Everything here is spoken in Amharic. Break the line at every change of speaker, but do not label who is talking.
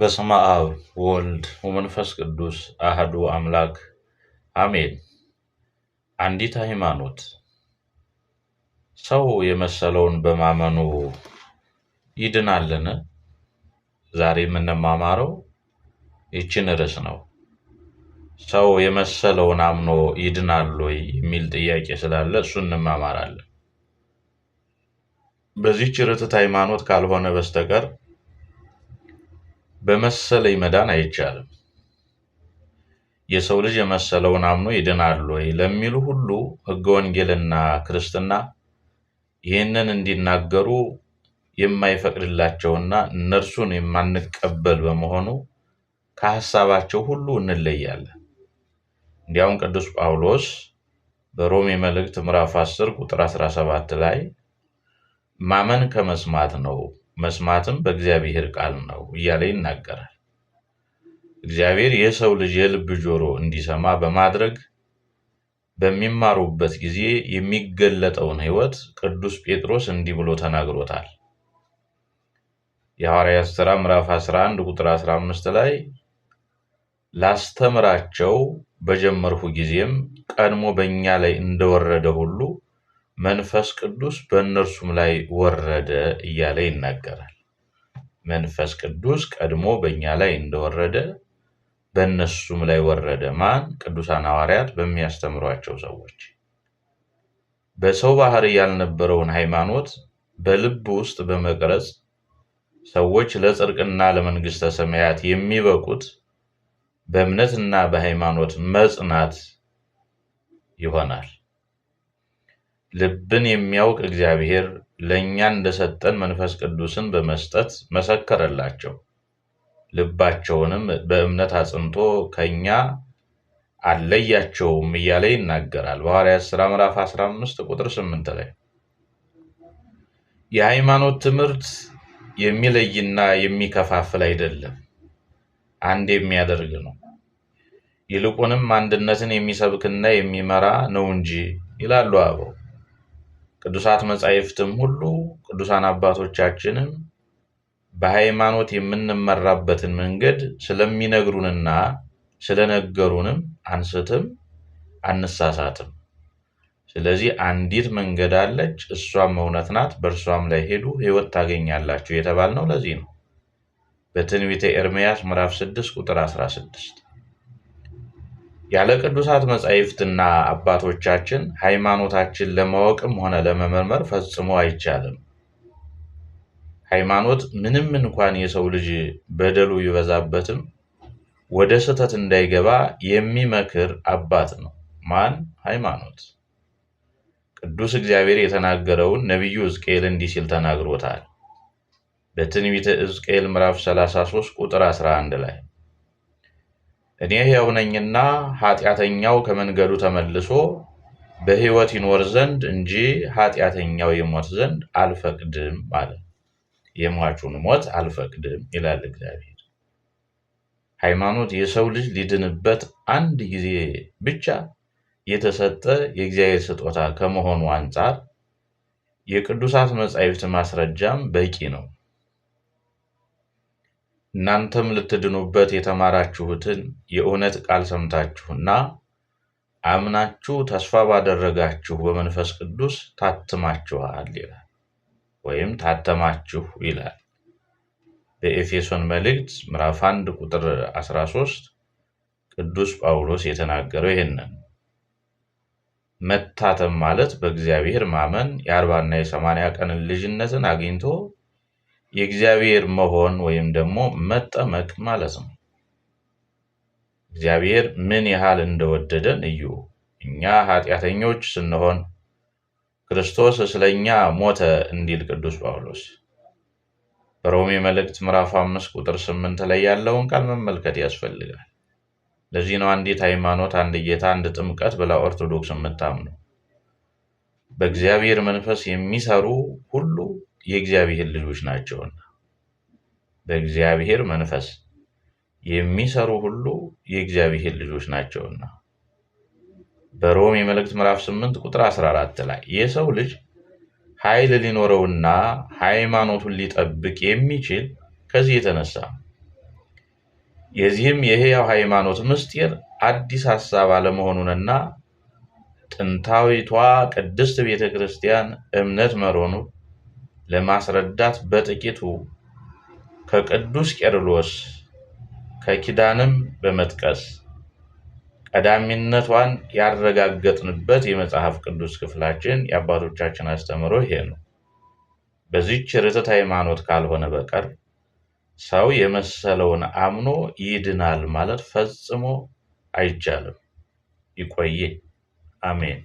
በስመ አብ ወልድ ወመንፈስ ቅዱስ አህዱ አምላክ አሜን። አንዲት ሃይማኖት ሰው የመሰለውን በማመኑ ይድናልን? ዛሬ የምንማማረው ይችን ርዕስ ነው። ሰው የመሰለውን አምኖ ይድናል ወይ የሚል ጥያቄ ስላለ እሱን እንማማራለን። በዚህች ርትዕት ሃይማኖት ካልሆነ በስተቀር በመሰለኝ መዳን አይቻልም። የሰው ልጅ የመሰለውን አምኖ ይድናል ወይ ለሚሉ ሁሉ ሕገ ወንጌልና ክርስትና ይህንን እንዲናገሩ የማይፈቅድላቸውና እነርሱን የማንቀበል በመሆኑ ከሀሳባቸው ሁሉ እንለያለን። እንዲያውም ቅዱስ ጳውሎስ በሮሜ መልእክት ምዕራፍ 10 ቁጥር 17 ላይ ማመን ከመስማት ነው መስማትም በእግዚአብሔር ቃል ነው እያለ ይናገራል። እግዚአብሔር የሰው ልጅ የልብ ጆሮ እንዲሰማ በማድረግ በሚማሩበት ጊዜ የሚገለጠውን ሕይወት ቅዱስ ጴጥሮስ እንዲህ ብሎ ተናግሮታል። የሐዋርያት ሥራ ምዕራፍ 11 ቁጥር 15 ላይ ላስተምራቸው በጀመርሁ ጊዜም ቀድሞ በእኛ ላይ እንደወረደ ሁሉ መንፈስ ቅዱስ በእነርሱም ላይ ወረደ እያለ ይናገራል። መንፈስ ቅዱስ ቀድሞ በእኛ ላይ እንደወረደ በእነሱም ላይ ወረደ። ማን? ቅዱሳን ሐዋርያት በሚያስተምሯቸው ሰዎች። በሰው ባህር ያልነበረውን ሃይማኖት በልብ ውስጥ በመቅረጽ ሰዎች ለጽድቅና ለመንግሥተ ሰማያት የሚበቁት በእምነትና በሃይማኖት መጽናት ይሆናል። ልብን የሚያውቅ እግዚአብሔር ለእኛ እንደሰጠን መንፈስ ቅዱስን በመስጠት መሰከረላቸው። ልባቸውንም በእምነት አጽንቶ ከእኛ አለያቸውም እያለ ይናገራል በሐዋርያት ሥራ ምዕራፍ 15 ቁጥር 8 ላይ የሃይማኖት ትምህርት የሚለይና የሚከፋፍል አይደለም፣ አንድ የሚያደርግ ነው። ይልቁንም አንድነትን የሚሰብክና የሚመራ ነው እንጂ ይላሉ አበው። ቅዱሳት መጻሕፍትም ሁሉ ቅዱሳን አባቶቻችንም በሃይማኖት የምንመራበትን መንገድ ስለሚነግሩንና ስለነገሩንም አንስትም አንሳሳትም። ስለዚህ አንዲት መንገድ አለች፣ እሷም እውነት ናት፣ በእርሷም ላይ ሄዱ ሕይወት ታገኛላችሁ የተባልነው ለዚህ ነው። በትንቢተ ኤርምያስ ምዕራፍ 6 ቁጥር 16 ያለ ቅዱሳት መጻሕፍትና አባቶቻችን ሃይማኖታችን ለማወቅም ሆነ ለመመርመር ፈጽሞ አይቻልም። ሃይማኖት ምንም እንኳን የሰው ልጅ በደሉ ይበዛበትም ወደ ስህተት እንዳይገባ የሚመክር አባት ነው። ማን? ሃይማኖት። ቅዱስ እግዚአብሔር የተናገረውን ነቢዩ ሕዝቅኤል እንዲህ ሲል ተናግሮታል። በትንቢተ ሕዝቅኤል ምዕራፍ 33 ቁጥር 11 ላይ እኔ ሕያው ነኝና ኃጢአተኛው ከመንገዱ ተመልሶ በሕይወት ይኖር ዘንድ እንጂ ኃጢአተኛው የሞት ዘንድ አልፈቅድም አለ። የሟቹን ሞት አልፈቅድም ይላል እግዚአብሔር። ሃይማኖት የሰው ልጅ ሊድንበት አንድ ጊዜ ብቻ የተሰጠ የእግዚአብሔር ስጦታ ከመሆኑ አንጻር የቅዱሳት መጻሕፍት ማስረጃም በቂ ነው። እናንተም ልትድኑበት የተማራችሁትን የእውነት ቃል ሰምታችሁና አምናችሁ ተስፋ ባደረጋችሁ በመንፈስ ቅዱስ ታትማችኋል ይላል፣ ወይም ታተማችሁ ይላል። በኤፌሶን መልእክት ምዕራፍ 1 ቁጥር 13 ቅዱስ ጳውሎስ የተናገረው ይህንን መታተም ማለት በእግዚአብሔር ማመን የአርባና የሰማንያ ቀንን ልጅነትን አግኝቶ የእግዚአብሔር መሆን ወይም ደግሞ መጠመቅ ማለት ነው። እግዚአብሔር ምን ያህል እንደወደደን እዩ። እኛ ኃጢአተኞች ስንሆን ክርስቶስ ስለኛ ሞተ እንዲል ቅዱስ ጳውሎስ በሮሜ መልእክት ምዕራፍ አምስት ቁጥር ስምንት ላይ ያለውን ቃል መመልከት ያስፈልጋል። ለዚህ ነው አንዲት ሃይማኖት፣ አንድ ጌታ፣ አንድ ጥምቀት ብላ ኦርቶዶክስ የምታምነው። በእግዚአብሔር መንፈስ የሚሰሩ ሁሉ የእግዚአብሔር ልጆች ናቸውና በእግዚአብሔር መንፈስ የሚሰሩ ሁሉ የእግዚአብሔር ልጆች ናቸውና በሮም የመልእክት ምዕራፍ 8 ቁጥር 14 ላይ የሰው ልጅ ኃይል ሊኖረውና ሃይማኖቱን ሊጠብቅ የሚችል ከዚህ የተነሳ የዚህም የህያው ሃይማኖት ምስጢር አዲስ ሐሳብ አለመሆኑንና ጥንታዊቷ ቅድስት ቤተ ክርስቲያን እምነት መሮኑ ለማስረዳት በጥቂቱ ከቅዱስ ቄርሎስ ከኪዳንም በመጥቀስ ቀዳሚነቷን ያረጋገጥንበት የመጽሐፍ ቅዱስ ክፍላችን የአባቶቻችን አስተምህሮ ይሄ ነው። በዚች ርትዕት ሃይማኖት ካልሆነ በቀር ሰው የመሰለውን አምኖ ይድናል ማለት ፈጽሞ አይቻልም። ይቆየ። አሜን።